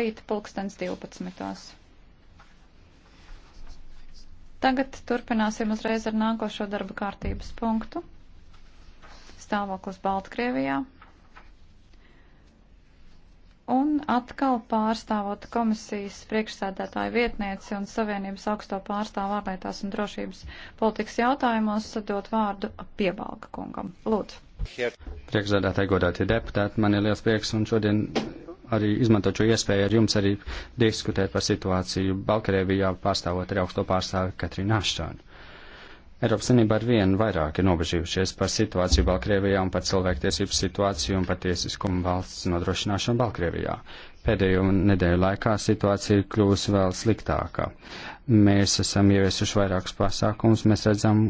rīta pulkstens 12. Tagad turpināsim uzreiz ar nākošo darba kārtības punktu. Stāvoklis Baltkrievijā. Un atkal pārstāvot komisijas priekšsēdētāju vietnieci un Savienības augsto pārstāvu ārlietās un drošības politikas jautājumos dot vārdu piebalga kungam. Lūdzu. Priekšsēdētāji godātie deputāti, man ir liels prieks un šodien arī izmantot šo iespēju ar jums arī diskutēt par situāciju Balkarēvijā, pārstāvot arī augsto pārstāvi Katrīnu Ašķānu. Eiropas Savienība ar vienu vairāk ir nobežījušies par situāciju Balkrievijā un par cilvēktiesību situāciju un par tiesiskumu valsts nodrošināšanu Balkrievijā. Pēdējo nedēļu laikā situācija ir kļūst vēl sliktāka. Mēs esam ieviesuši vairākus pasākumus, mēs redzam,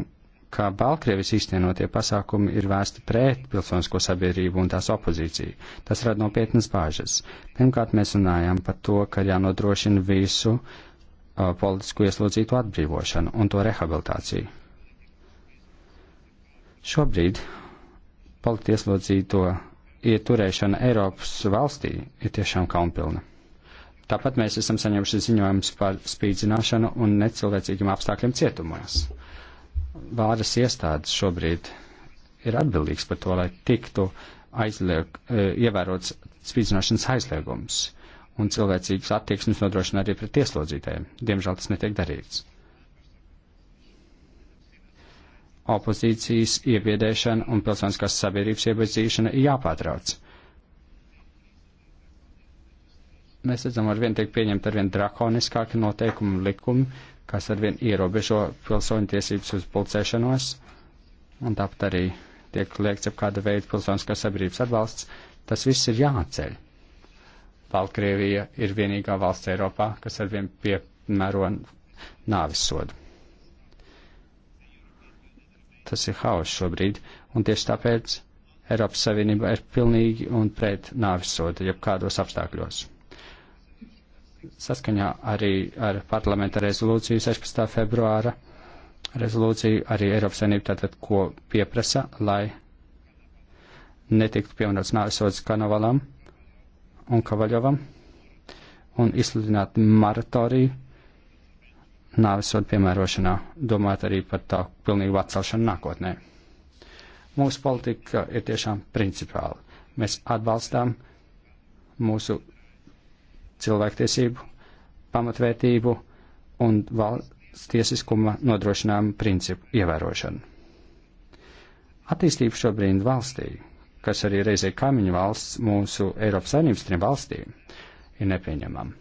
ka Baltkrievis īstenotie pasākumi ir vērsti pret pilsonisko sabiedrību un tās opozīciju. Tas rada nopietnas bāžas. Pirmkārt, mēs runājam par to, ka jānodrošina visu uh, politisku ieslodzītu atbrīvošanu un to rehabilitāciju. Šobrīd politiski ieslodzīto ieturēšana Eiropas valstī ir tiešām kaunpilna. Tāpat mēs esam saņēmuši ziņojumus par spīdzināšanu un necilvēcīgiem apstākļiem cietumos. Uh, vāras iestādes šobrīd ir atbildīgs par to, lai tiktu aizlieg, e, ievērots spīdzināšanas aizliegums un cilvēcīgas attieksmes nodrošina arī pret ieslodzītēm. Diemžēl tas netiek darīts. Opozīcijas iebiedēšana un pilsoniskās sabiedrības iebiedzīšana ir jāpārtrauc. Mēs redzam, ar vien tiek pieņemt ar vien drakoniskāki noteikumi un likumi, kas arvien ierobežo pilsoņu tiesības uz pulcēšanos, un tāpat arī tiek liekts ap kāda veida pilsoniskās sabiedrības atbalsts, tas viss ir jāceļ. Baltkrievija ir vienīgā valsts Eiropā, kas arvien piemēro nāvis sodu. Tas ir haoss šobrīd, un tieši tāpēc Eiropas Savienība ir pilnīgi un pret nāvis sodu, jeb kādos apstākļos saskaņā arī ar parlamenta rezolūciju 16. februāra rezolūciju arī Eiropas Savienība tātad ko pieprasa, lai netiktu pievienots nāvisots Kanovalam un Kavaļovam un izsludināt maratoriju nāvisodu piemērošanā, domāt arī par tā pilnīgu atcelšanu nākotnē. Mūsu politika ir tiešām principāla. Mēs atbalstām mūsu cilvēktiesību, pamatvērtību un valsts tiesiskuma nodrošinājumu principu ievērošanu. Attīstība šobrīd valstī, kas arī reizē kaimiņu valsts mūsu Eiropas saimnības trim valstīm, ir nepieņemama.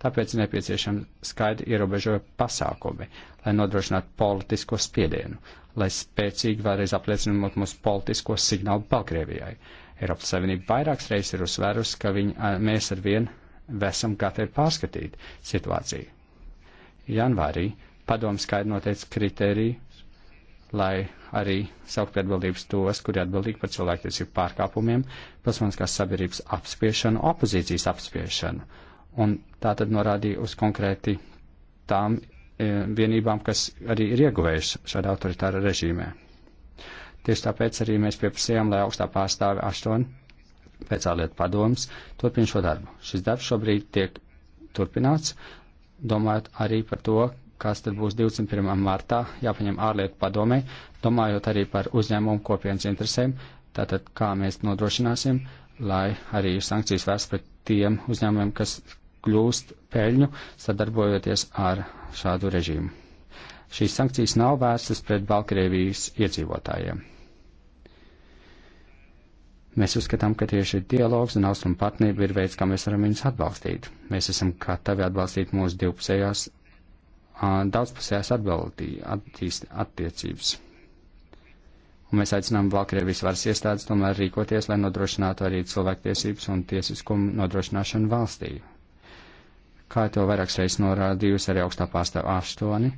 Tāpēc nepieciešama skaidri ierobežoja pasākumi, lai nodrošinātu politisko spiedienu, lai spēcīgi vēlreiz apliecinot mūsu politisko signālu Balkrievijai. Eiropas Savienība vairākas reizes ir uzsvērusi, ka viņi, mēs ar vienu esam gatavi pārskatīt situāciju. Janvārī padomu skaidri noteica kritēriju, lai arī saukt atbildības tos, kuri atbildīgi par cilvēktiesību pārkāpumiem, pilsoniskās sabiedrības apspiešanu, opozīcijas apspiešanu. Un tā tad norādīja uz konkrēti tām e, vienībām, kas arī ir ieguvējušas šādā autoritāra režīmē. Tieši tāpēc arī mēs pieprasījām, lai augstā pārstāve Aštoni pēc ārlietu padomas turpina šo darbu. Šis darbs šobrīd tiek turpināts, domājot arī par to, kas tad būs 21. martā jāpaņem ārlietu padomē, domājot arī par uzņēmumu kopienas interesēm, tātad kā mēs nodrošināsim, lai arī sankcijas vērst pret tiem uzņēmumiem, kas kļūst peļņu, sadarbojoties ar šādu režīmu. Šīs sankcijas nav vērstas pret Baltkrievijas iedzīvotājiem. Mēs uzskatām, ka tieši dialogs un austrumu partnerība ir veids, kā mēs varam viņus atbalstīt. Mēs esam gatavi atbalstīt mūsu divpusējās, daudzpusējās attīst, attiecības. Un mēs aicinām Valkrievijas varas iestādes tomēr rīkoties, lai nodrošinātu arī cilvēktiesības un tiesiskumu nodrošināšanu valstī. Kā to vairākas reizes norādījusi arī augstā pārstāva Aštoni,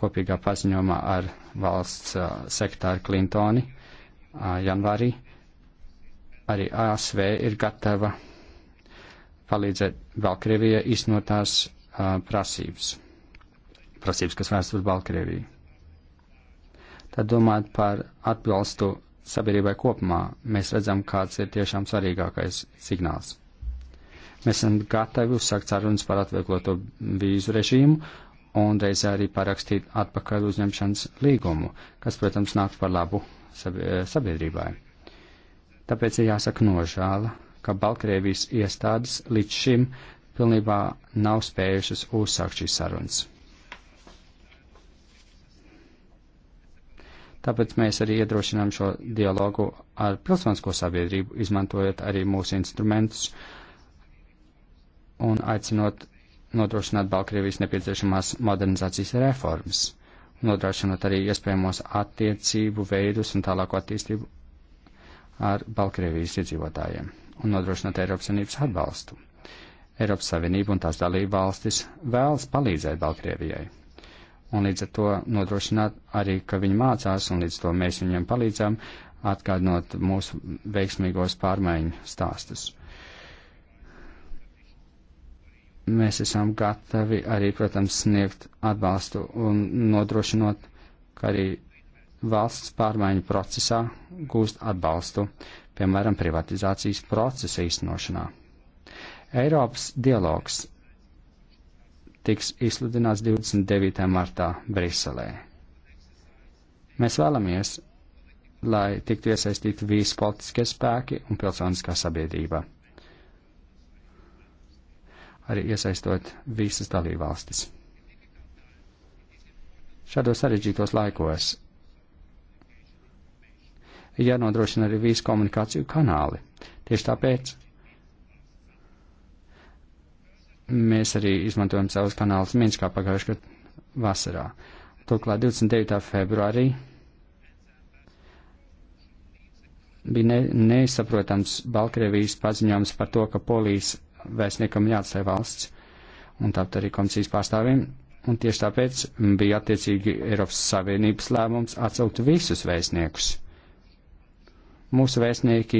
kopīgā paziņojumā ar valsts sektāru Klintoni janvārī Arī ASV ir gatava palīdzēt Baltkrievijai īstenot tās uh, prasības, prasības, kas vērstas uz Baltkrieviju. Tad domājot par atbalstu sabiedrībai kopumā, mēs redzam, kāds ir tiešām svarīgākais signāls. Mēs esam gatavi uzsākt sarunas par atviegloto vīzu režīmu un reizē arī parakstīt atpakaļ uzņemšanas līgumu, kas, protams, nāk par labu sabiedrībai. Tāpēc ir jāsaka nožēla, ka Baltkrievijas iestādes līdz šim pilnībā nav spējušas uzsākt šīs sarunas. Tāpēc mēs arī iedrošinām šo dialogu ar pilsonisko sabiedrību, izmantojot arī mūsu instrumentus un aicinot nodrošināt Baltkrievijas nepieciešamās modernizācijas reformas, nodrošinot arī iespējamos attiecību veidus un tālāko attīstību ar Baltkrievijas iedzīvotājiem un nodrošināt Eiropas Savienības atbalstu. Eiropas Savienība un tās dalība valstis vēlas palīdzēt Baltkrievijai un līdz ar to nodrošināt arī, ka viņi mācās un līdz to mēs viņiem palīdzām atgādinot mūsu veiksmīgos pārmaiņu stāstus. Mēs esam gatavi arī, protams, sniegt atbalstu un nodrošinot, ka arī valsts pārmaiņu procesā gūst atbalstu, piemēram, privatizācijas procesa īstenošanā. Eiropas dialogs tiks izsludināts 29. martā Briselē. Mēs vēlamies, lai tiktu iesaistīti visi politiskie spēki un pilsoniskā sabiedrība, arī iesaistot visas dalībvalstis. Šādos sarežģītos laikos ir jānodrošina arī vīzu komunikāciju kanāli. Tieši tāpēc mēs arī izmantojam savus kanālus Minskā pagājušajā gadā vasarā. Turklāt 29. februārī bija ne, nesaprotams Baltkrievijas paziņojums par to, ka polijas vēstniekam jāatstāja valsts, un tāpat arī komisijas pārstāvim, un tieši tāpēc bija attiecīgi Eiropas Savienības lēmums atsaukt visus vēstniekus Mūsu vēstnieki,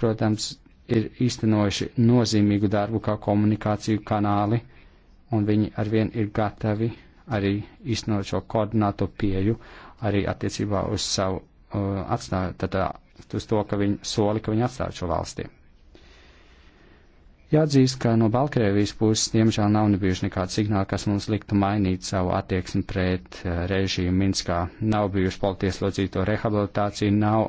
protams, ir īstenojuši nozīmīgu darbu kā komunikāciju kanāli, un viņi arvien ir gatavi arī īstenot šo koordināto pieju arī attiecībā uz savu uh, atstāju, tad uh, uz to, ka viņi soli, ka viņi atstāja šo valsti. Jāatzīst, ka no Baltkrievijas puses, diemžēl, nav bijuši nekādi signāli, kas mums liktu mainīt savu attieksmi pret eh, režīmu Minskā. Nav bijuši politieslodzīto rehabilitācija, nav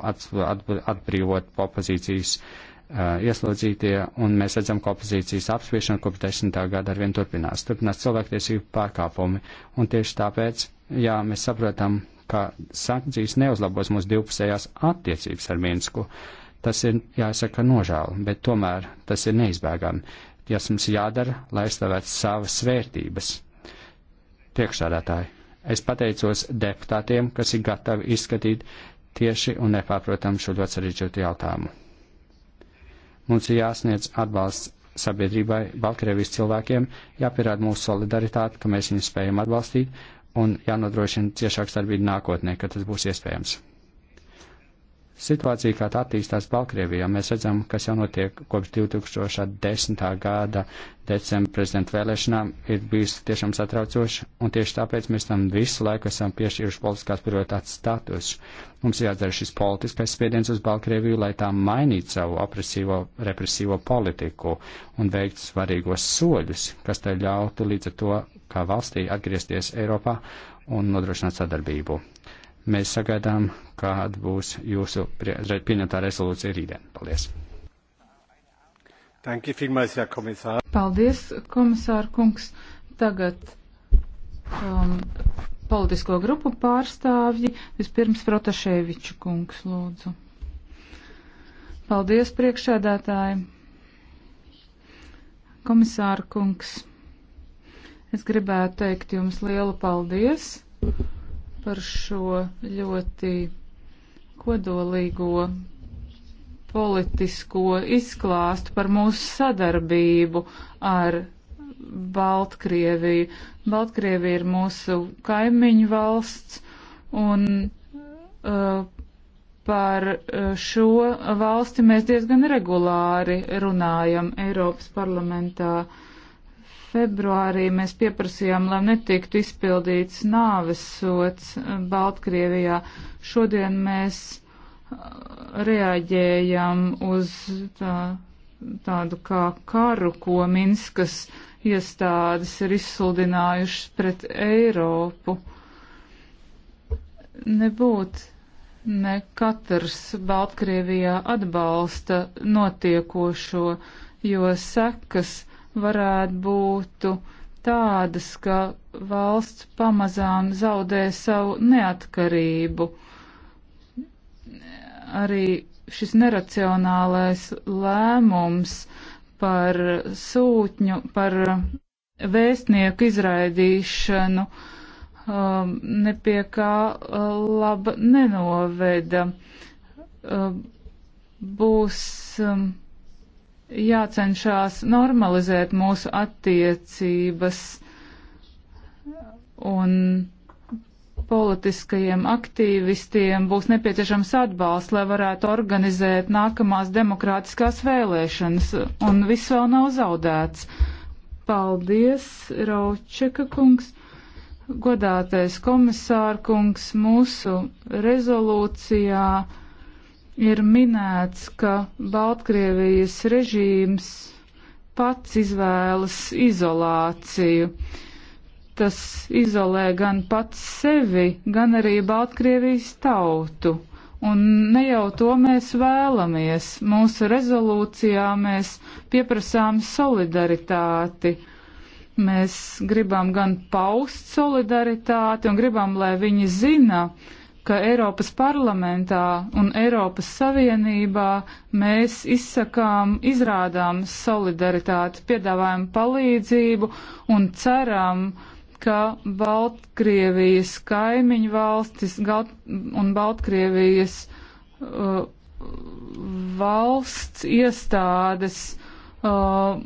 atbrīvot opozīcijas uh, ieslodzītie, un mēs redzam, ka opozīcijas apspiešana kopš desmitā gada arvien turpinās. Turpinās cilvēktiesību pārkāpumi, un tieši tāpēc, jā, mēs saprotam, ka sankcijas neuzlabos mūsu divpusējās attiecības ar Minsku. Uh, Tas ir jāsaka nožēla, bet tomēr tas ir neizbēgami. Tas mums jādara, lai aizstāvētu savas vērtības. Priekšsādātāji, es pateicos deputātiem, kas ir gatavi izskatīt tieši un nepārprotam šo ļoti sarežģītu jautājumu. Mums ir jāsniedz atbalsts sabiedrībai, Baltkrievijas cilvēkiem, jāpierāda mūsu solidaritāte, ka mēs viņus spējam atbalstīt un jānodrošina ciešāk starpība nākotnē, kad tas būs iespējams. Situācija, kā tā attīstās Baltkrievijā, mēs redzam, kas jau notiek kopš 2010. gada decembra prezidenta vēlēšanām, ir bijusi tiešām satraucoša, un tieši tāpēc mēs tam visu laiku esam piešķīruši politiskās prioritātes status. Mums jādara šis politiskais spiediens uz Baltkrieviju, lai tā mainītu savu opresīvo, represīvo politiku un veikt svarīgos soļus, kas tai ļautu līdz ar to, kā valstī, atgriezties Eiropā un nodrošināt sadarbību. Mēs sagaidām, kāda būs jūsu pieņemtā rezolūcija rītdien. Paldies! Paldies, komisāra kungs. Tagad um, politisko grupu pārstāvji. Vispirms Protaševiču kungs, lūdzu. Paldies, priekšsēdētāji. Komisāra kungs, es gribētu teikt jums lielu paldies par šo ļoti kodolīgo politisko izklāstu par mūsu sadarbību ar Baltkrieviju. Baltkrievija ir mūsu kaimiņu valsts un uh, par uh, šo valsti mēs diezgan regulāri runājam Eiropas parlamentā. Uh, Februārī mēs pieprasījām, lai netiktu izpildīts nāves sots eh, Baltkrievijā. Šodien mēs eh, reaģējam uz tā, tādu kā karu, ko Minskas iestādes ir izsludinājušas pret Eiropu. Nebūtu ne katrs Baltkrievijā atbalsta notiekošo, jo sekas varētu būt tādas, ka valsts pamazām zaudē savu neatkarību. Arī šis neracionālais lēmums par sūtņu, par vēstnieku izraidīšanu um, nepie kā uh, laba nenoveda. Um, būs um, jācenšas normalizēt mūsu attiecības un politiskajiem aktīvistiem būs nepieciešams atbalsts, lai varētu organizēt nākamās demokrātiskās vēlēšanas, un viss vēl nav zaudēts. Paldies, Raučeka kungs, godātais komisārkungs, mūsu rezolūcijā ir minēts, ka Baltkrievijas režīms pats izvēlas izolāciju. Tas izolē gan pats sevi, gan arī Baltkrievijas tautu. Un ne jau to mēs vēlamies. Mūsu rezolūcijā mēs pieprasām solidaritāti. Mēs gribam gan paust solidaritāti un gribam, lai viņi zina, uh, ka Eiropas parlamentā un Eiropas Savienībā mēs izsakām, izrādām solidaritāti, piedāvājam palīdzību un ceram, ka Baltkrievijas kaimiņu valstis un Baltkrievijas uh, valsts iestādes uh,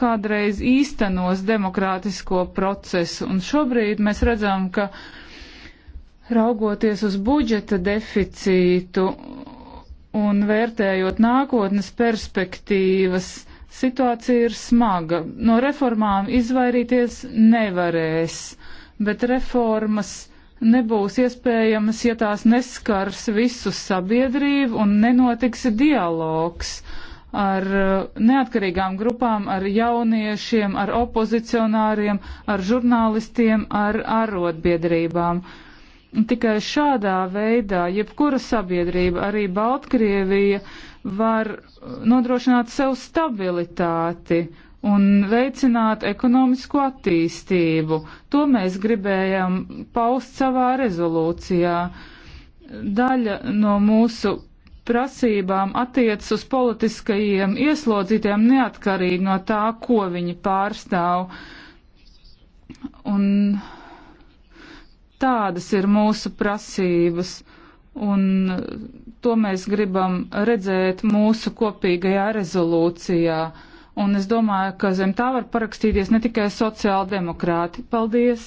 kādreiz īstenos demokrātisko procesu. Un šobrīd mēs redzam, ka Raugoties uz budžeta deficītu un vērtējot nākotnes perspektīvas, situācija ir smaga. No reformām izvairīties nevarēs, bet reformas nebūs iespējamas, ja tās neskars visu sabiedrību un nenotiks dialogs ar uh, neatkarīgām grupām, ar jauniešiem, ar opozicionāriem, ar žurnālistiem, ar arotbiedrībām. Ar Tikai šādā veidā jebkura sabiedrība, arī Baltkrievija, var nodrošināt sev stabilitāti un veicināt ekonomisko attīstību. To mēs gribējam paust savā rezolūcijā. Daļa no mūsu prasībām attiec uz politiskajiem ieslodzītiem neatkarīgi no tā, ko viņi pārstāv. Un Tādas ir mūsu prasības, un to mēs gribam redzēt mūsu kopīgajā rezolūcijā. Un es domāju, ka zem tā var parakstīties ne tikai sociāldemokrāti. Paldies!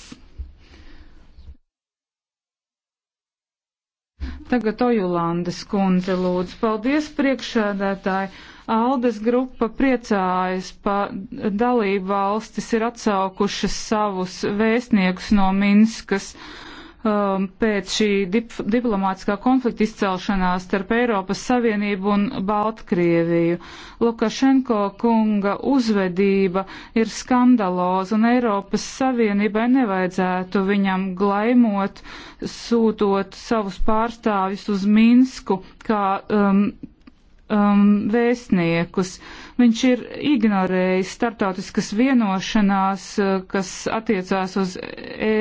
Tagad Ojulandes kundze lūdzu. Paldies priekšādātāji! Aldes grupa priecājas, ka dalība valstis ir atsaukušas savus vēstniekus no Minskas um, pēc šī dip diplomātiskā konflikta izcelšanās starp Eiropas Savienību un Baltkrieviju. Lukašenko kunga uzvedība ir skandaloza un Eiropas Savienībai nevajadzētu viņam glaimot, sūtot savus pārstāvjus uz Minsku, kā um, um, vēstniekus. Viņš ir ignorējis startautiskas vienošanās, uh, kas attiecās uz e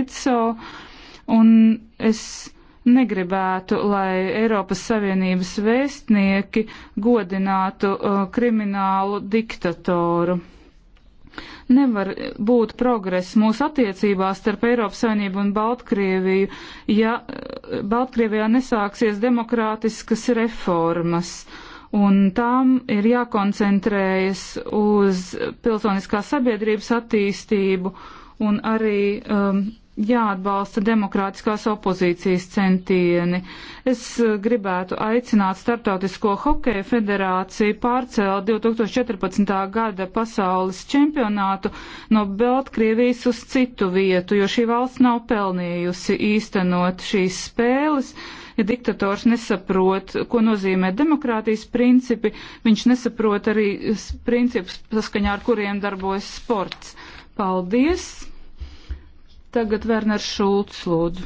ECO, un es negribētu, lai Eiropas Savienības vēstnieki godinātu uh, kriminālu diktatoru. Nevar būt progresa mūsu attiecībās starp Eiropas Savienību un Baltkrieviju, ja eh, Baltkrievijā nesāksies demokrātiskas reformas. Un tām ir jākoncentrējas uz pilsoniskā sabiedrības attīstību un arī um, jāatbalsta demokrātiskās opozīcijas centieni. Es eh, gribētu aicināt Startautisko hokeja federāciju pārcelt 2014. gada pasaules čempionātu no Beltkrievijas uz citu vietu, jo šī valsts nav pelnījusi īstenot šīs spēles. Ja diktators nesaprot, ko nozīmē demokrātijas principi, viņš nesaprot arī principus, saskaņā ar kuriem darbojas sports. Paldies! Tagad Werners Šulcs lūdzu.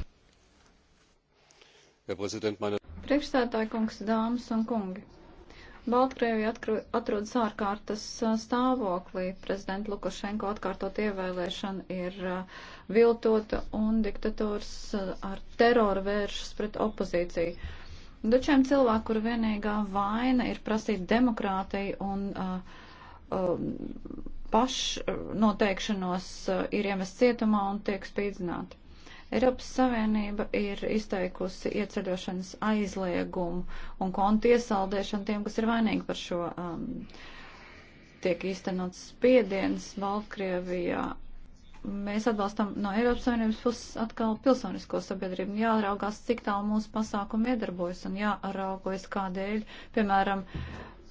Ja, mani... Priekšstādāja kungs, dāmas un kungi. Baltkrievija atrodas ārkārtas stāvoklī. Prezidenta Lukašenko atkārtot ievēlēšana ir viltota un diktators ar teroru vēršas pret opozīciju. Dučiem nu, cilvēku, kur vienīgā vaina ir prasīt demokrātiju un uh, uh, pašnoteikšanos eh, ir iemest cietumā un tiek spīdzināti. Eiropas Savienība ir izteikusi ieceļošanas aizliegumu un kontu iesaldēšanu tiem, kas ir vainīgi par šo. Um, tiek īstenots spiediens Baltkrievijā. Mēs atbalstam no Eiropas Savienības puses atkal pilsonisko sabiedrību. Jāraugās, cik tālu mūsu pasākumi iedarbojas un jāraugojas kādēļ, piemēram,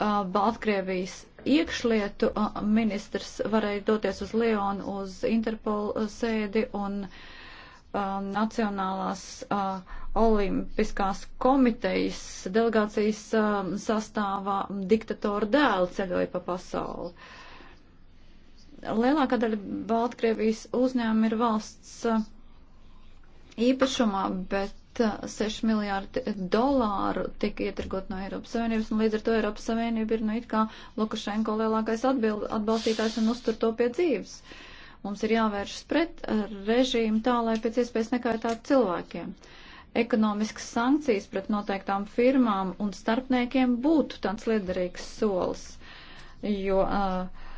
Baltkrievijas iekšlietu ministrs varēja doties uz Leonu uz Interpolu sēdi un Nacionālās olimpiskās komitejas delegācijas sastāvā diktatora dēlu ceļoja pa pasauli lielākā daļa Baltkrievijas uzņēmuma ir valsts īpašumā, bet 6 miljārdi dolāru tika ietirgot no Eiropas Savienības, un līdz ar to Eiropas Savienība ir, nu, it kā Lukašenko lielākais atbild, atbalstītājs un uztur to pie dzīves. Mums ir jāvēršas pret uh, režīmu tā, lai pēc iespējas nekaitātu cilvēkiem. Ekonomiskas sankcijas pret noteiktām firmām un starpniekiem būtu tāds liederīgs solis, jo uh,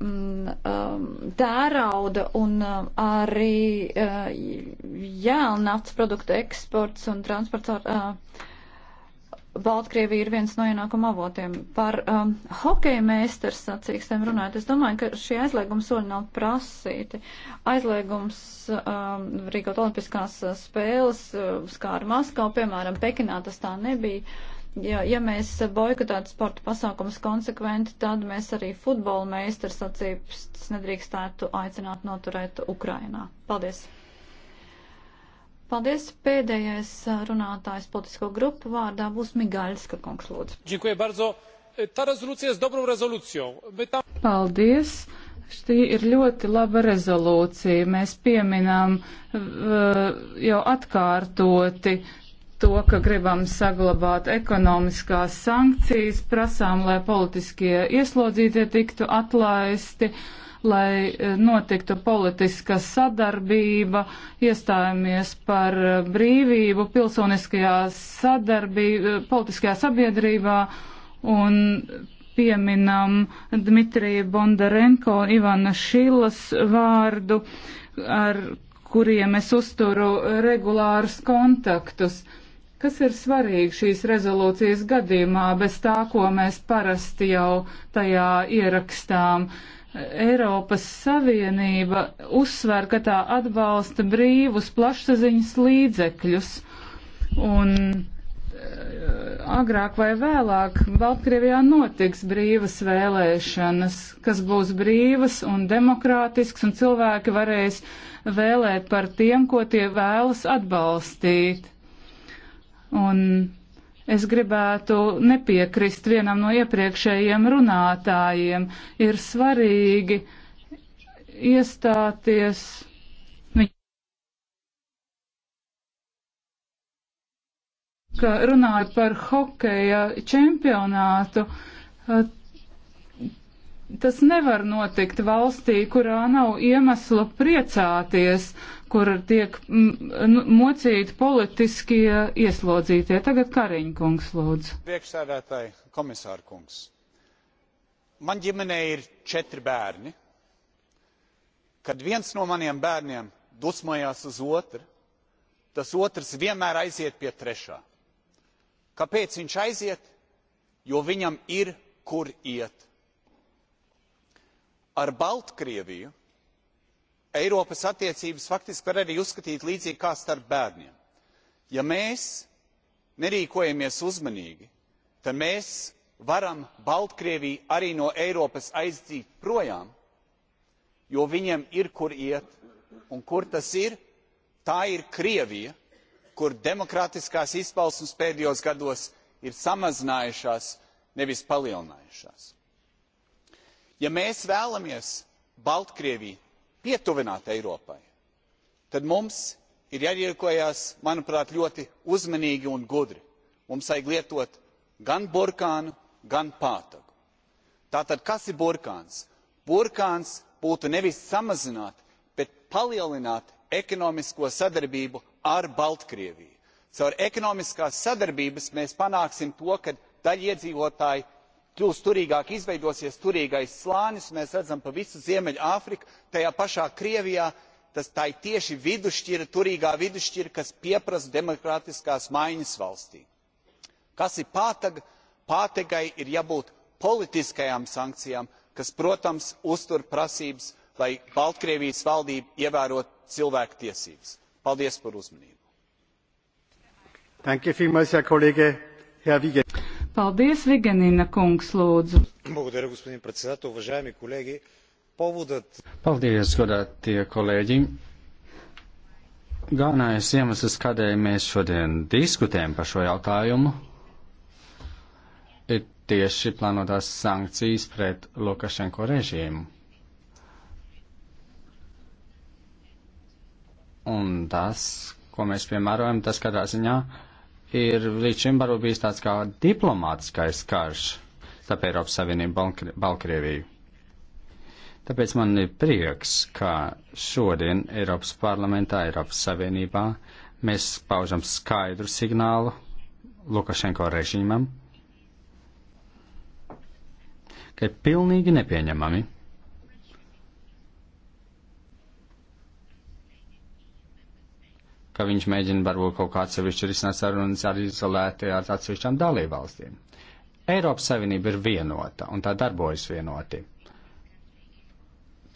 Um, tērauda un um, arī uh, jēlnafts produktu eksports un transports ar uh, Baltkrievija ir viens no ienākuma avotiem. Par um, hokeja meistars sacīkstēm runājot, es domāju, ka šie aizliegums soļi nav prasīti. Aizliegums um, Rīgot olimpiskās spēles uh, skāra Maskavu, piemēram, Pekinā tas tā nebija. Uh, Jo, ja mēs boikotētu sporta pasākumus konsekventi, tad mēs arī futbola meistars sacīpstas nedrīkstētu aicināt noturēt Ukrainā. Paldies! Paldies. Pēdējais runātājs politisko grupu vārdā būs Migaļska kungs, lūdzu. E, Paldies. Šī ir ļoti laba rezolūcija. Mēs pieminām e, jau atkārtoti to, ka gribam saglabāt ekonomiskās sankcijas, prasām, lai politiskie ieslodzītie tiktu atlaisti, lai e, notiktu politiska sadarbība, iestājamies par e, brīvību pilsoniskajā sadarbībā, e, politiskajā sabiedrībā un pieminam Dmitrija Bondarenko un Ivana Šilas vārdu, ar kuriem es uzturu regulārus kontaktus. Uh, Kas ir svarīgi šīs rezolūcijas gadījumā, bez tā, ko mēs parasti jau tajā ierakstām? Eiropas Savienība uzsver, ka tā atbalsta brīvus plašsaziņas līdzekļus. Un eh, agrāk vai vēlāk Baltkrievijā notiks brīvas vēlēšanas, kas būs brīvas un demokrātisks, un cilvēki varēs vēlēt par tiem, ko tie vēlas atbalstīt. Un es gribētu nepiekrist vienam no iepriekšējiem runātājiem. Ir svarīgi iestāties. ka runājot par hokeja čempionātu, tas nevar notikt valstī, kurā nav iemesla priecāties. Uh, kur tiek nu, mocīti politiskie ieslodzītie. Tagad Kariņkungs lūdzu. Priekšsēdētāji, komisārkungs. Man ģimenē ir četri bērni. Kad viens no maniem bērniem dusmojās uz otru, tas otrs vienmēr aiziet pie trešā. Kāpēc viņš aiziet? Jo viņam ir kur iet. Ar Baltkrieviju eiropas attiecības faktiski var arī uzskatīt līdzīgi kā starp bērniem ja mēs nerīkojamies uzmanīgi tad mēs varam baltkrieviju arī no eiropas aizdzīt projām jo viņiem ir kur iet un kur tas ir tā ir krievija kur demokrātiskās izpausmes pēdējos gados ir samazinājušās nevis palielinājušās. ja mēs vēlamies baltkrieviju pietuvināt eiropai tad mums ir jārīkojas manuprāt ļoti uzmanīgi un gudri. mums vajag lietot gan burkānu gan pātagu. tātad kas ir burkāns? burkāns būtu nevis samazināt bet palielināt ekonomisko sadarbību ar baltkrieviju. caur ekonomiskās sadarbības mēs panāksim to ka daļiedzīvotāji kļūs turīgāki izveidosies turīgais slānis mēs redzam pa visu ziemeļāfriku tajā pašā krievijā tā ir tieši vidusšķira turīgā vidusšķira kas pieprasa demokrātiskās maiņas valstī. kas ir pātaga? pātagai ir jābūt politiskajām sankcijām kas protams uztur prasības lai baltkrievijas valdība ievērotu cilvēktiesības. paldies par uzmanību! Paldies, Viganina kungs, lūdzu. Paldies, godātie kolēģi. Galvenais iemesls, kādēļ mēs šodien diskutējam par šo jautājumu, ir tieši plānotās sankcijas pret Lukašenko režīmu. Un tas, ko mēs piemērojam, tas kādā ziņā ir līdz šim varbūt bijis tāds kā diplomātskais karš starp Eiropas Savienību un Balkrieviju. Tāpēc man ir prieks, ka šodien Eiropas parlamentā, Eiropas Savienībā mēs paužam skaidru signālu Lukašenko režīmam, ka ir pilnīgi nepieņemami ka viņš mēģina varbūt kaut kā atsevišķi risināt sarunas arī izolēti ar atsevišķām dalībvalstīm. Eiropas Savienība ir vienota un tā darbojas vienoti.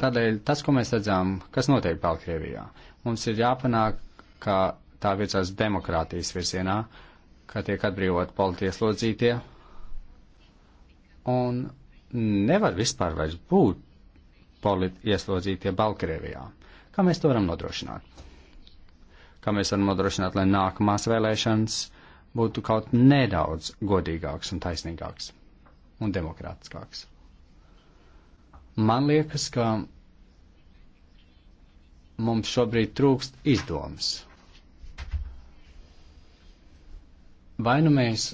Tādēļ tas, ko mēs redzam, kas notiek Baltkrievijā, mums ir jāpanāk, ka tā virzās demokrātijas virzienā, ka tiek atbrīvot politieslodzītie un nevar vispār vairs būt politi ieslodzītie Baltkrievijā. Kā mēs to varam nodrošināt? kā mēs varam nodrošināt, lai nākamās vēlēšanas būtu kaut nedaudz godīgāks un taisnīgāks un demokrātiskāks. Man liekas, ka mums šobrīd trūkst izdomas. Vai nu mēs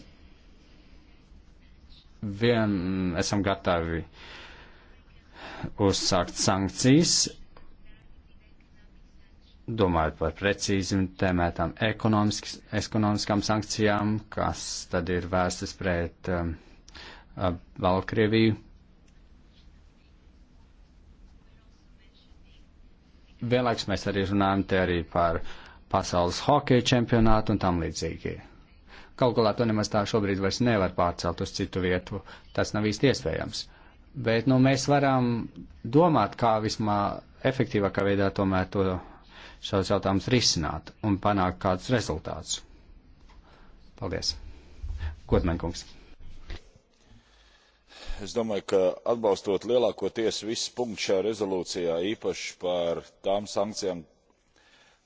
vien esam gatavi uzsākt sankcijas domājot par precīzi un tēmētām ekonomiskām sankcijām, kas tad ir vērstas pret um, Valkrieviju. Vienlaiks mēs arī runājam te arī par pasaules hokeja čempionātu un tam līdzīgi. Kaut galā to nemaz tā šobrīd vairs nevar pārcelt uz citu vietu, tas nav īsti iespējams. Bet, nu, mēs varam domāt, kā vismā efektīvākā veidā tomēr to šos jautājumus risināt un panākt kādus rezultātus. Paldies. Godmaņkungs. Es domāju, ka atbalstot lielākoties visus punktus šajā rezolūcijā, īpaši par tām sankcijām,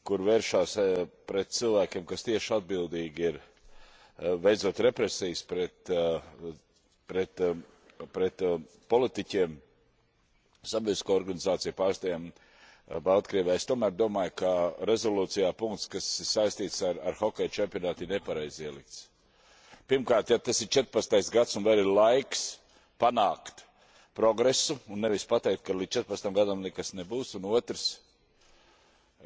kur vēršās e, pret cilvēkiem, kas tieši atbildīgi ir e, veicot represijas pret, e, pret, pret politiķiem, sabiedrisko organizāciju pārstāvjiem, Baltkrievijā. Es tomēr domāju, ka rezolūcijā punkts, kas ir saistīts ar, ar hokeja čempionātu, ir nepareizi ielikts. Pirmkārt, ja tas ir 14. gads un vēl ir laiks panākt progresu un nevis pateikt, ka līdz 14. gadam nekas nebūs, un otrs,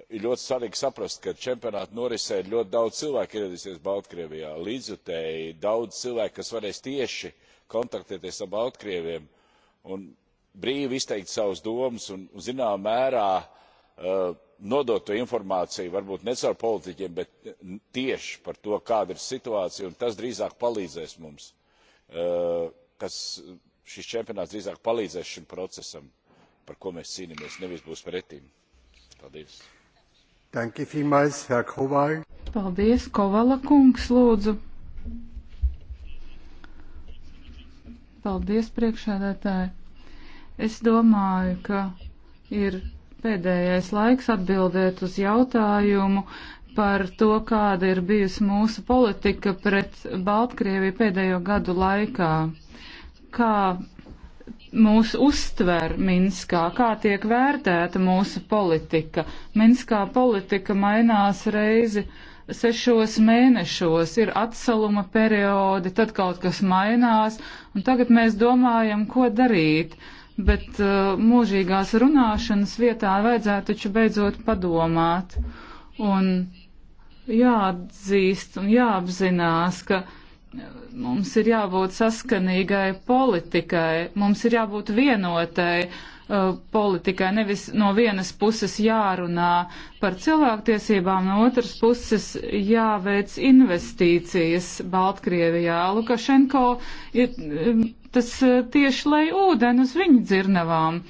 ir ļoti svarīgi saprast, ka čempionāta norisē ļoti daudz cilvēku ieradīsies Baltkrievijā. Līdzutēji daudz cilvēku, kas varēs tieši kontaktēties ar Baltkrieviem. Un brīvi izteikt savas domas un zināmā mērā uh, nodot to informāciju varbūt ne caur politiķiem bet uh, tieši par to kāda ir situācija un tas drīzāk palīdzēs mums kas uh, šis čempionāts drīzāk palīdzēs šim procesam par ko mēs cīnāmies nevis būs pretim. Paldies! Danke vielmals, Herr Kowal. Paldies, Kovala kungs, lūdzu. Paldies, priekšēdētāji. Es domāju, ka ir pēdējais laiks atbildēt uz jautājumu par to, kāda ir bijusi mūsu politika pret Baltkrieviju pēdējo gadu laikā. Kā mūs uztver Minskā, kā tiek vērtēta mūsu politika. Minskā politika mainās reizi sešos mēnešos, ir atsaluma periodi, tad kaut kas mainās, un tagad mēs domājam, ko darīt bet uh, mūžīgās runāšanas vietā vajadzētu taču beidzot padomāt un jāatzīst un jāapzinās, ka uh, mums ir jābūt saskanīgai politikai, mums ir jābūt vienotai uh, politikai, nevis no vienas puses jārunā par cilvēktiesībām, no otras puses jāveic investīcijas Baltkrievijā. Lukašenko ir um, tas eh, tieši lai ūdeni uz viņu dzirnavām.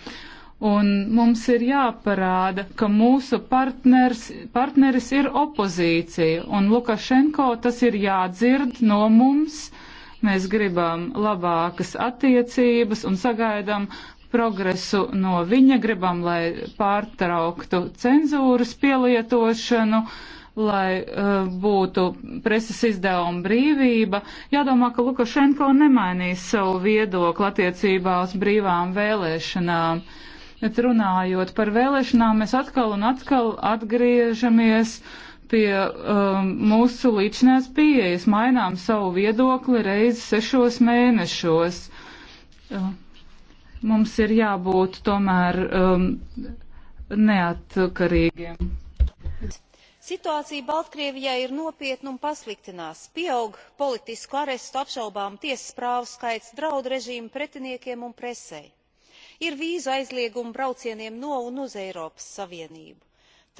Un mums ir jāparāda, ka mūsu partners, partneris ir opozīcija, un Lukašenko tas ir jādzird no mums. Mēs gribam labākas attiecības un sagaidām progresu no viņa, gribam, lai pārtrauktu cenzūras pielietošanu. Uh, lai uh, būtu preses izdevuma brīvība, jādomā, ka Lukašenko nemainīs savu viedokli attiecībā uz brīvām vēlēšanām. Bet runājot par vēlēšanām, mēs atkal un atkal atgriežamies pie um, mūsu līdzinās pieejas, mainām savu viedokli reizi sešos mēnešos. Uh, mums ir jābūt tomēr um, neatkarīgiem situācija baltkrievijā ir nopietna un pasliktinās pieaug politisku arestu apšaubāmu tiesas prāvu skaits draud režīma pretiniekiem un presei ir vīzu aizliegumi braucieniem no un uz eiropas savienību.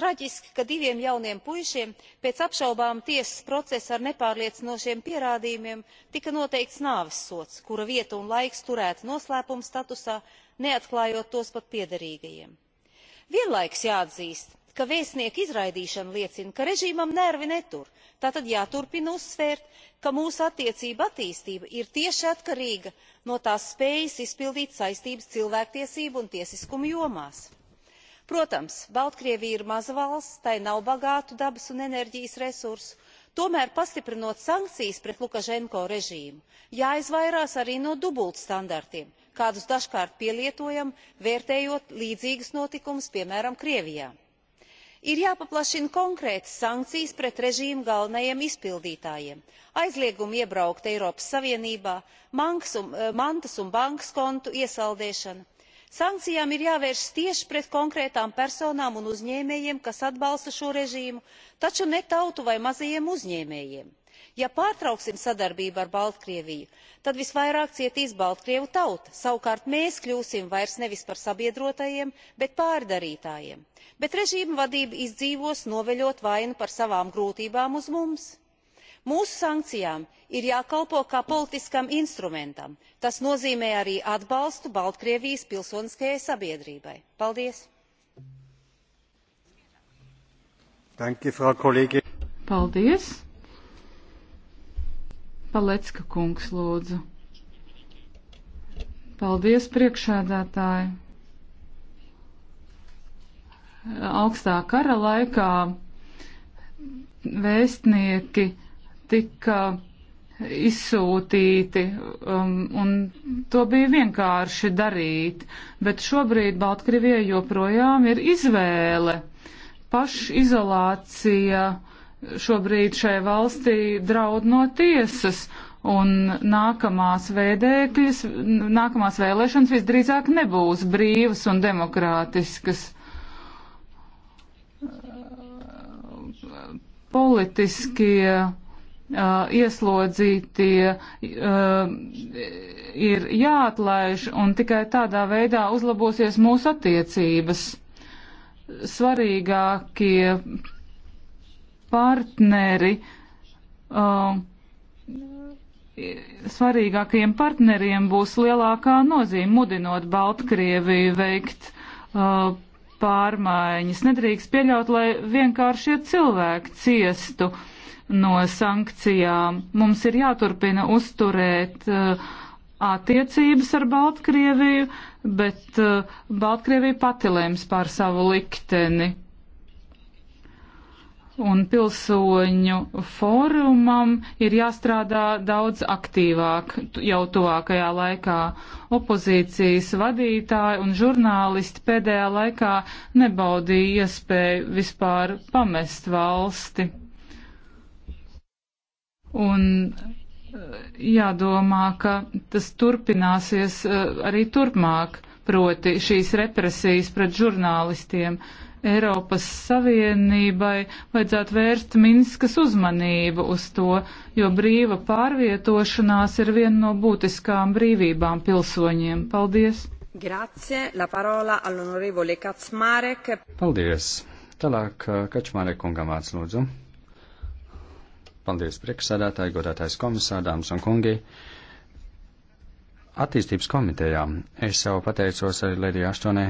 traģiski ka diviem jauniem puišiem pēc apšaubāma tiesas procesa ar nepārliecinošiem pierādījumiem tika noteikts nāves sods kura vieta un laiks turēti noslēpuma statusā neatklājot tos pat piederīgajiem. vienlaikus jāatzīst ka vēstnieka izraidīšana liecina ka režīmam nervi netur tātad jāturpina uzsvērt ka mūsu attiecību attīstība ir tieši atkarīga no tās spējas izpildīt saistības cilvēktiesību un tiesiskuma jomās. protams baltkrievija ir maza valsts tai nav bagātu dabas un enerģijas resursu tomēr pastiprinot sankcijas pret lukašenko režīmu jāizvairās arī no dubultstandartiem kādus dažkārt pielietojam vērtējot līdzīgus notikumus piemēram krievijā ir jāpaplašina konkrētas sankcijas pret režīma galvenajiem izpildītājiem aizliegumi iebraukt eiropas savienībā eh, mantas un bankas kontu iesaldēšana sankcijām ir jāvēršas tieši pret konkrētām personām un uzņēmējiem kas atbalsta šo režīmu taču ne tautu vai mazajiem uzņēmējiem. ja pārtrauksim sadarbību ar baltkrieviju tad visvairāk cietīs baltkrievu tauta savukārt mēs kļūsim vairs nevis par sabiedrotajiem bet pārdarītājiem bet režīma vadība izdzīvos noveļot vainu par savām grūtībām uz mums mūsu sankcijām ir jākalpo kā politiskam instrumentam tas nozīmē arī atbalstu baltkrievijas pilsoniskajai sabiedrībai. paldies! Paldies! Palecka kungs lūdzu. Paldies, priekšēdētāji! Augstā kara laikā vēstnieki tika izsūtīti, um, un to bija vienkārši darīt. Bet šobrīd Baltkrievijai joprojām ir izvēle. Pašizolācija šobrīd šai valstī draud no tiesas, un nākamās vēdēkļas, nākamās vēlēšanas visdrīzāk nebūs brīvas un demokrātiskas. Politiskie ieslodzītie ir jāatlaiž un tikai tādā veidā uzlabosies mūsu attiecības. Svarīgākie partneri, svarīgākajiem partneriem būs lielākā nozīme mudinot Baltkrieviju veikt pārmaiņas. Nedrīkst pieļaut, lai vienkāršie cilvēki ciestu. Uh, no sankcijām. Mums ir jāturpina uzturēt uh, attiecības ar Baltkrieviju, bet uh, Baltkrievija pati lēms par savu likteni. Un pilsoņu fórumam ir jāstrādā daudz aktīvāk jau tuvākajā laikā. Opozīcijas vadītāji un žurnālisti pēdējā laikā nebaudīja iespēju vispār pamest valsti. Un eh, jādomā, ka tas turpināsies eh, arī turpmāk, proti šīs represijas pret žurnālistiem. Eiropas Savienībai vajadzētu vērst Minskas uzmanību uz to, jo brīva pārvietošanās ir viena no būtiskām brīvībām pilsoņiem. Paldies! Grazie, la parola all'onorevole Kacmarek. Paldies! Tālāk eh, Kačmarek kungam vārds lūdzu. Paldies, priekšsēdētāji, godātais komisār, dāmas un kungi. Attīstības komitejā es jau pateicos arī Ledija Aštonē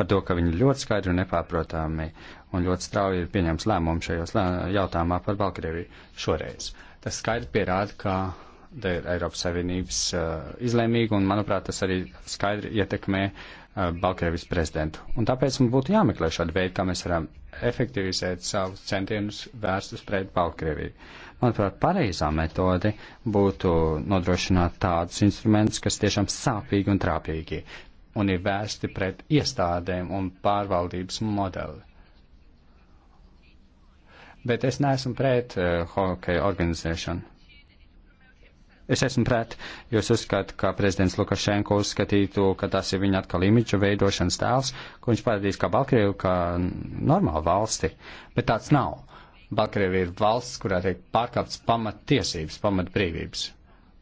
par to, ka viņi ļoti skaidri un nepārprotami un ļoti strauji ir pieņems lēmumu šajos lē, jautājumā par Balkrieviju šoreiz. Tas skaidri pierāda, ka te ir Eiropas Savienības uh, izlēmīga, un, manuprāt, tas arī skaidri ietekmē uh, Baltkrievijas prezidentu. Un tāpēc mums būtu jāmeklē šādi veidi, kā mēs varam efektivizēt savus centienus vērstus pret Baltkrieviju. Manuprāt, pareizā metode būtu nodrošināt tādus instrumentus, kas tiešām sāpīgi un trāpīgi un ir vērsti pret iestādēm un pārvaldības modeli. Bet es neesmu pret uh, hokeja organizēšanu Es esmu pret, jo es uzskatu, ka prezidents Lukašenko uzskatītu, ka tas ir viņa atkal imidža veidošanas tēls, ko viņš parādīs kā Balkrievu, kā normālu valsti, bet tāds nav. Balkrievi ir valsts, kurā tiek pārkāptas pamattiesības, pamatbrīvības.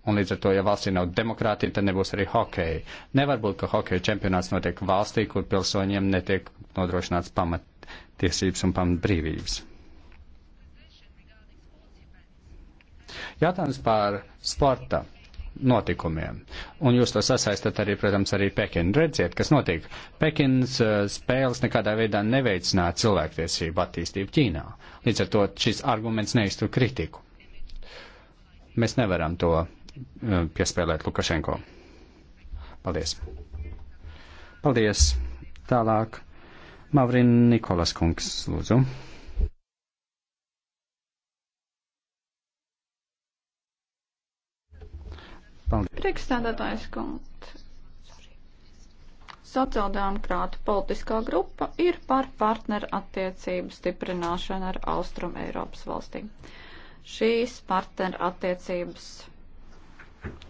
Un līdz ar to, ja valstī nav demokrātija, tad nebūs arī hokeja. Nevar būt, ka hokeja čempionāts notiek valstī, kur pilsoņiem netiek nodrošināts pamattiesības un pamatbrīvības. Jautājums par sporta notikumiem. Un jūs to sasaistat arī, protams, arī Pekinu. Redziet, kas notiek. Pekinas eh, spēles nekādā veidā neveicināja cilvēktiesību attīstību Ķīnā. Līdz ar to šis arguments neiztur kritiku. Mēs nevaram to eh, piespēlēt Lukašenko. Paldies. Paldies. Tālāk. Mavrin Nikolas kungs, lūdzu. Paldies. Priekšstādātājs kundze. Sociāldemokrāta politiskā grupa ir par partneru attiecību stiprināšanu ar Austrum Eiropas valstīm. Šīs partneru attiecības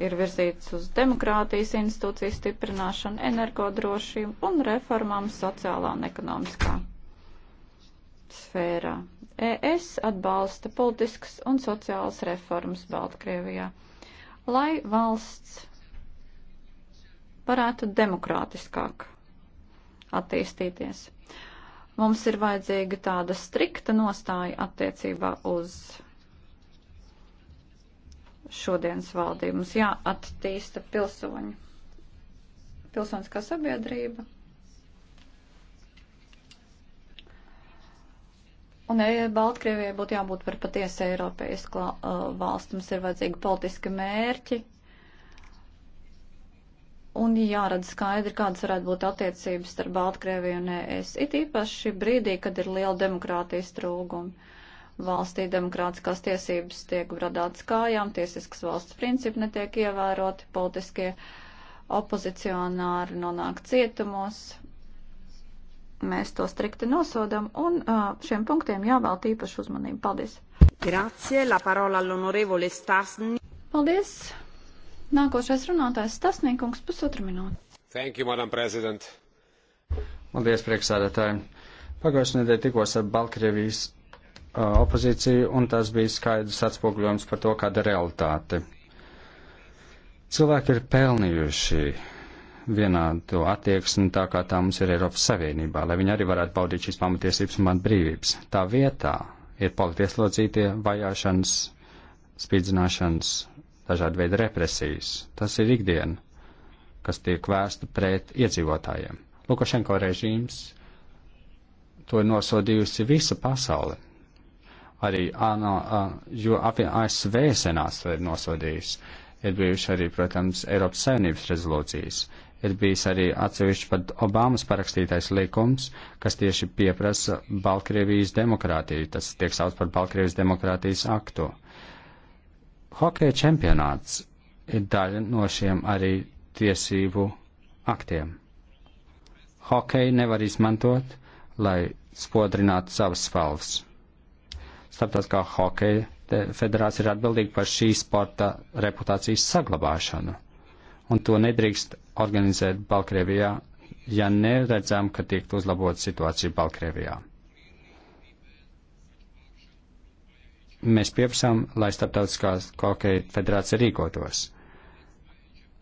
ir virzīts uz demokrātijas institūciju stiprināšanu, energodrošību un reformām sociālā un ekonomiskā sfērā. ES atbalsta politiskas un sociālas reformas Baltkrievijā lai valsts varētu demokrātiskāk attīstīties. Mums ir vajadzīga tāda strikta nostāja attiecībā uz šodienas valdību. Mums jāattīsta pilsoņu, pilsoniskā sabiedrība Un Baltkrievijai būtu jābūt par patiesu Eiropeisku uh, valsts. Mums ir vajadzīgi politiski mērķi un jārada skaidri, kādas varētu būt attiecības starp Baltkrieviju un ES. It īpaši brīdī, kad ir liela demokrātijas trūguma. Valstī demokrātiskās tiesības tiek bradātas kājām, tiesiskas valsts principi netiek ievēroti, politiskie opozicionāri nonāk cietumos, mēs to strikti nosodam un šiem punktiem jāvēl tīpaši uzmanību. Paldies! Grazie, la parola all'onorevole Stasni. Paldies! Nākošais runātājs Stasnīkungs pusotra minūte. Thank you, madam president. Paldies, priekšsādātāji. Pagājušajā nedēļā tikos ar Baltkrievijas uh, opozīciju un tas bija skaidrs atspoguļojums par to, kāda ir realitāte. Cilvēki ir pelnījuši vienādu attieksmi tā kā tā mums ir Eiropas Savienībā, lai viņi arī varētu baudīt šīs pamatiesības un man brīvības. Tā vietā ir politieslodzītie vajāšanas, spīdzināšanas, dažādi veidi represijas. Tas ir ikdiena, kas tiek vērsta pret iedzīvotājiem. Lukašenko režīms to ir nosodījusi visa pasaule. Arī ANO, jo ASV senās to ir nosodījis. Ir bijuši arī, protams, Eiropas Savienības rezolūcijas ir bijis arī atsevišķi pat Obamas parakstītais likums, kas tieši pieprasa Baltkrievijas demokrātiju. Tas tiek sauc par Baltkrievijas demokrātijas aktu. Hokeja čempionāts ir daļa no šiem arī tiesību aktiem. Hokeju nevar izmantot, lai spodrinātu savas valsts. Starptautiskā hokeja federācija ir atbildīga par šī sporta reputācijas saglabāšanu un to nedrīkst organizēt Baltkrievijā, ja neredzam, ka tiek uzlabot situācija Baltkrievijā. Mēs pieprasām, lai starptautiskās kokeja federācija rīkotos.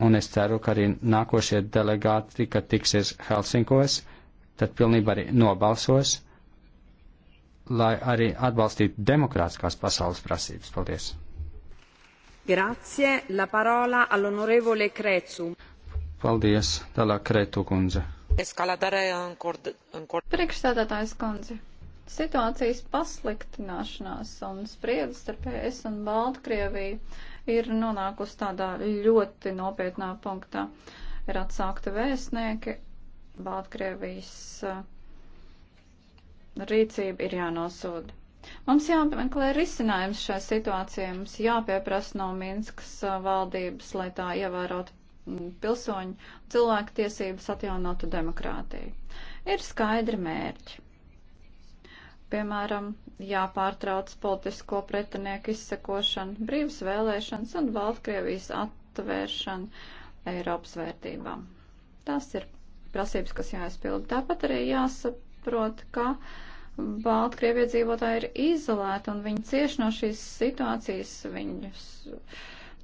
Un es ceru, ka arī nākošie delegāti, kad tiksies Helsinkos, tad pilnībā arī nobalsos, lai arī atbalstītu demokrātiskās pasaules prasības. Paldies! Grazie. La parola all'onorevole Crețu. Paldies. Tālāk Kretu kundze. E Priekšstādātājs kundze. Situācijas pasliktināšanās un spriedzes starp ES un Baltkrieviju ir nonākusi tādā ļoti nopietnā punktā. Ir atsākti vēstnieki, Baltkrievijas uh, rīcība ir jānosoda. Mums jāmeklē risinājums šai situācijai, mums jāpieprasa no Minskas uh, valdības, lai tā ievērotu mm, pilsoņu cilvēku tiesības atjaunotu demokrātiju. Ir skaidri mērķi. Piemēram, jāpārtrauc politisko pretinieku izsekošana, brīvas vēlēšanas un Baltkrievijas atvēršana Eiropas vērtībām. Tas ir prasības, kas jāizpild. Tāpat arī jāsaprot, ka uh, Baltkrievi iedzīvotāji ir izolēti un viņi cieš no šīs situācijas, viņus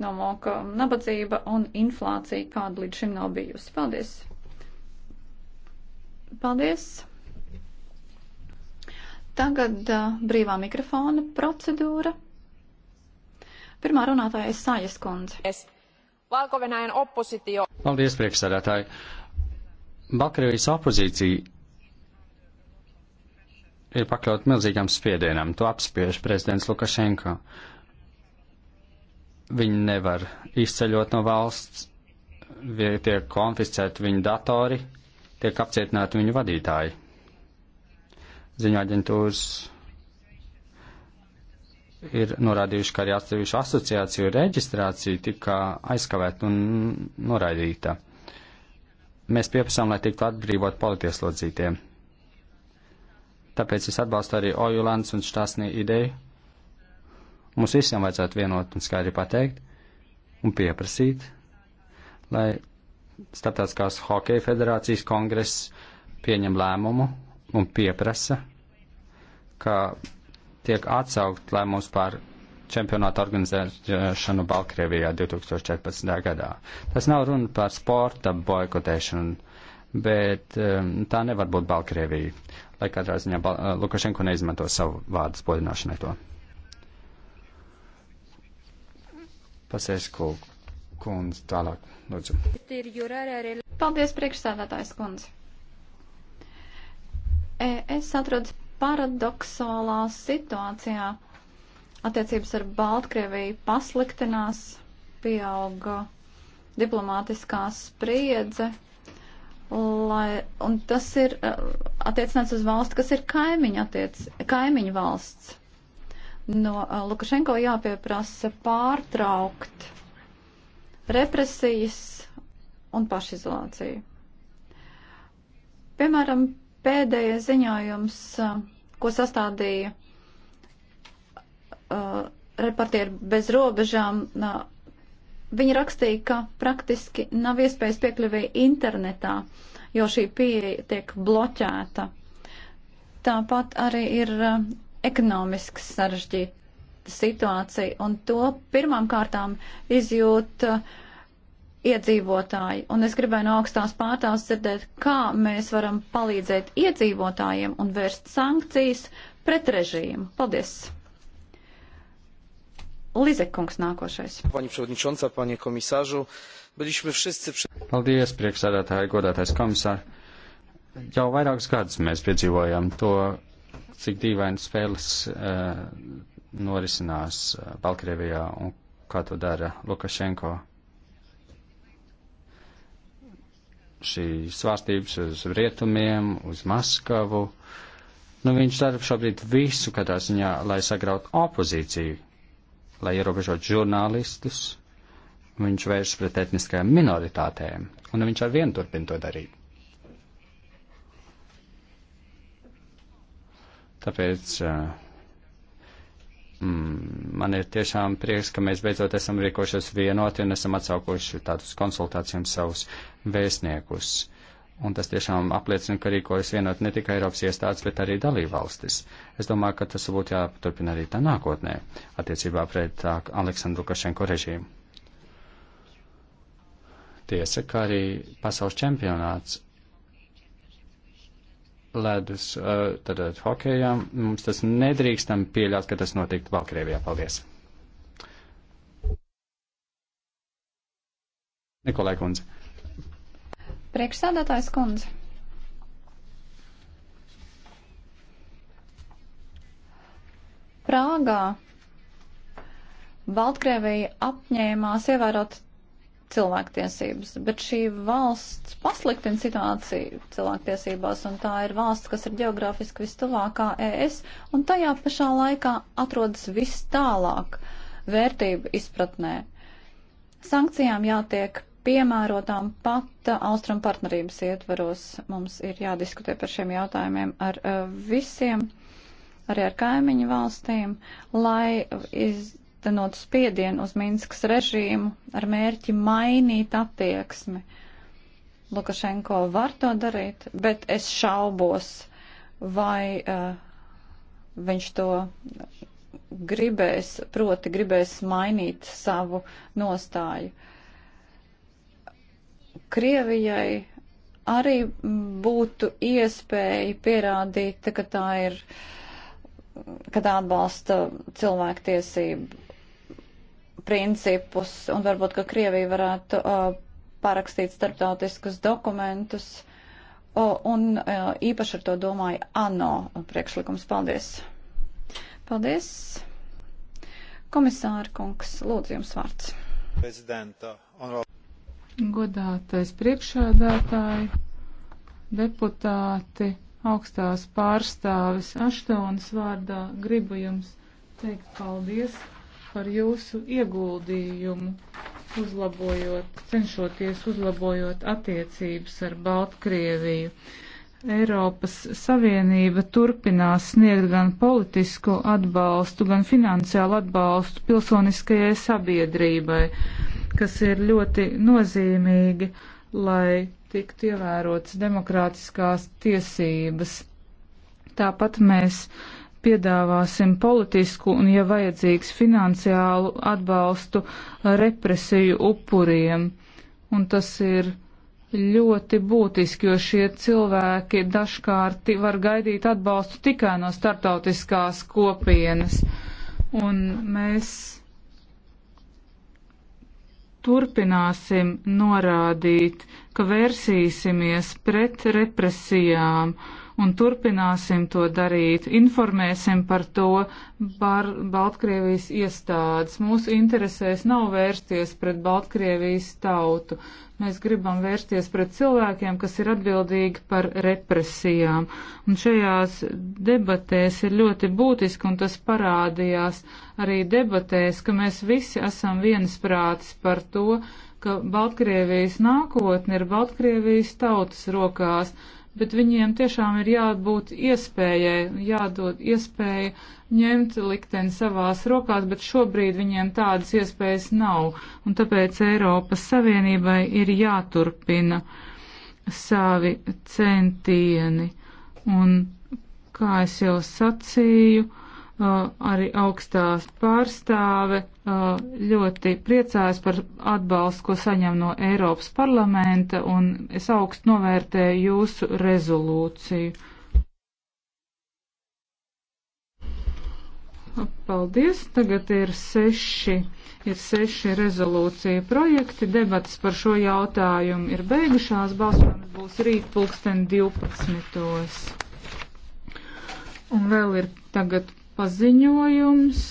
nomoka nabadzība un inflācija, kāda līdz šim nav bijusi. Paldies! Paldies! Tagad uh, brīvā mikrofona procedūra. Pirmā runātāja ir Sājas kundze. Valko-Venäjän oppositio. Paldies, priekšsēdētāji. Baltkrievijas opozīcija ir pakļaut milzīgam spiedienam. To apspiež prezidents Lukašenko. Viņi nevar izceļot no valsts, tiek konfiscēti viņu datori, tiek apcietināti viņu vadītāji. Ziņu aģentūras ir norādījuši, ka arī atsevišķu asociāciju reģistrācija tika aizkavēta un noraidīta. Mēs pieprasām, lai tiktu atbrīvot politieslodzītiem. Tāpēc es atbalstu arī Ojulants un Štāsnī ideju. Mums visiem vajadzētu vienot un skaidri pateikt un pieprasīt, lai Startautiskās hokeja federācijas kongress pieņem lēmumu un pieprasa, ka tiek atsaukt lēmums par čempionāta organizēšanu Baltkrievijā 2014. gadā. Tas nav runa par sporta boikotēšanu, bet um, tā nevar būt Baltkrievija lai katrā ziņā eh, Lukašenko neizmanto savu vārdu spodināšanai to. Pasēsku kundze tālāk, lūdzu. Paldies, priekšsēdētājs kundze. Es atrodu paradoxālā situācijā. Attiecības ar Baltkrieviju pasliktinās, pieauga diplomātiskā spriedze, lai, un tas ir uh, attiecināts uz valsti, kas ir kaimiņa, attiec, kaimiņa valsts. No uh, Lukašenko jāpieprasa pārtraukt represijas un pašizolāciju. Piemēram, pēdējais ziņojums, uh, ko sastādīja uh, reportieri bez robežām, uh, viņi rakstīja, ka praktiski nav iespējas piekļuvēja internetā. Uh, jo šī pieeja tiek bloķēta. Tāpat arī ir eh, ekonomiski sarežģīta situācija, un to pirmām kārtām izjūt eh, iedzīvotāji. Un es gribēju no augstās pārtās dzirdēt, kā mēs varam palīdzēt iedzīvotājiem un vērst sankcijas pret režīmu. Paldies! Lizekungs nākošais. Pani przewodnicząca, panie komisarzu byliśmy wszyscy. Paldies, priekšsēdētāji, godātais komisār. Jau vairākus gadus mēs piedzīvojam to, cik dīvainas spēles uh, norisinās eh, Baltkrievijā un kā to dara Lukašenko. Šī svārstības uz rietumiem, uz Maskavu. Nu, viņš dara šobrīd visu, kādā ziņā, lai sagrautu opozīciju, lai ierobežotu žurnālistus, viņš vēršas pret etniskajām minoritātēm, un viņš ar vienu turpina to darīt. Tāpēc eh, mm, man ir tiešām prieks, ka mēs beidzot esam rīkošies vienoti un esam atsaukuši tādus konsultācijām savus vēstniekus. Un tas tiešām apliecina, ka rīkojas vienot ne tikai Eiropas iestādes, bet arī dalībvalstis. Es domāju, ka tas būtu jāturpina arī tā nākotnē attiecībā pret eh, Aleksandru Kašenko režīmu. Tiesa, kā arī pasaules čempionāts ledus tātad uh, uh, hokejām, mums tas nedrīkstam pieļaut, ka tas notiktu Valkrievijā. Paldies! Nikolai Kundze. Priekšsādātājs Kundze. Prāgā Baltkrievija apņēmās ievērot cilvēktiesības, bet šī valsts pasliktina situāciju cilvēktiesībās, un tā ir valsts, kas ir geogrāfiski vistuvākā ES, un tajā pašā laikā atrodas vis tālāk vērtību izpratnē. Sankcijām jātiek piemērotām pat austram partnerības ietvaros. Mums ir jādiskutē par šiem jautājumiem ar uh, visiem, arī ar kaimiņu valstīm, lai iz, īstenot spiedienu uz Minskas režīmu ar mērķi mainīt attieksmi. Lukašenko var to darīt, bet es šaubos, vai uh, viņš to gribēs, proti gribēs mainīt savu nostāju. Krievijai arī būtu iespēja pierādīt, ka tā ir, ka tā atbalsta cilvēktiesību principus, un varbūt, ka Krievija varētu uh, parakstīt starptautiskus dokumentus, uh, un uh, īpaši ar to domāju ANO priekšlikums. Paldies! Paldies! Komisāra kungs, lūdzu jums vārds. Prezidenta. Godātais priekšādātāji, deputāti, augstās pārstāvis Aštonas vārdā gribu jums teikt paldies par jūsu ieguldījumu, uzlabojot, cenšoties uzlabojot attiecības ar Baltkrieviju. Eiropas Savienība turpinās sniegt gan politisko atbalstu, gan finansiālu atbalstu pilsoniskajai sabiedrībai, kas ir ļoti nozīmīgi, lai tiktu ievērotas demokrātiskās tiesības. Tāpat mēs uh, piedāvāsim politisku un, ja vajadzīgs, finansiālu atbalstu represiju upuriem. Un tas ir ļoti būtiski, jo šie cilvēki dažkārt var gaidīt atbalstu tikai no startautiskās kopienas. Un mēs turpināsim norādīt, ka vērsīsimies pret represijām. Uh, un turpināsim to darīt. Informēsim par to par Baltkrievijas iestādes. Mūsu interesēs nav vērsties pret Baltkrievijas tautu. Mēs gribam vērsties pret cilvēkiem, kas ir atbildīgi par represijām. Un šajās debatēs ir ļoti būtiski, un tas parādījās arī debatēs, ka mēs visi esam viensprātis par to, ka Baltkrievijas nākotne ir Baltkrievijas tautas rokās bet viņiem tiešām ir jābūt iespējai, jādod iespēja ņemt likteni savās rokās, bet šobrīd viņiem tādas iespējas nav, un tāpēc Eiropas Savienībai ir jāturpina savi centieni. Un, kā es jau sacīju, uh, arī augstās pārstāve ļoti priecājas par atbalstu, ko saņem no Eiropas parlamenta, un es augstu novērtēju jūsu rezolūciju. Paldies, tagad ir seši, ir seši rezolūcija projekti, debatas par šo jautājumu ir beigušās, balsojums būs rīt pulksten 12. Un vēl ir tagad paziņojums.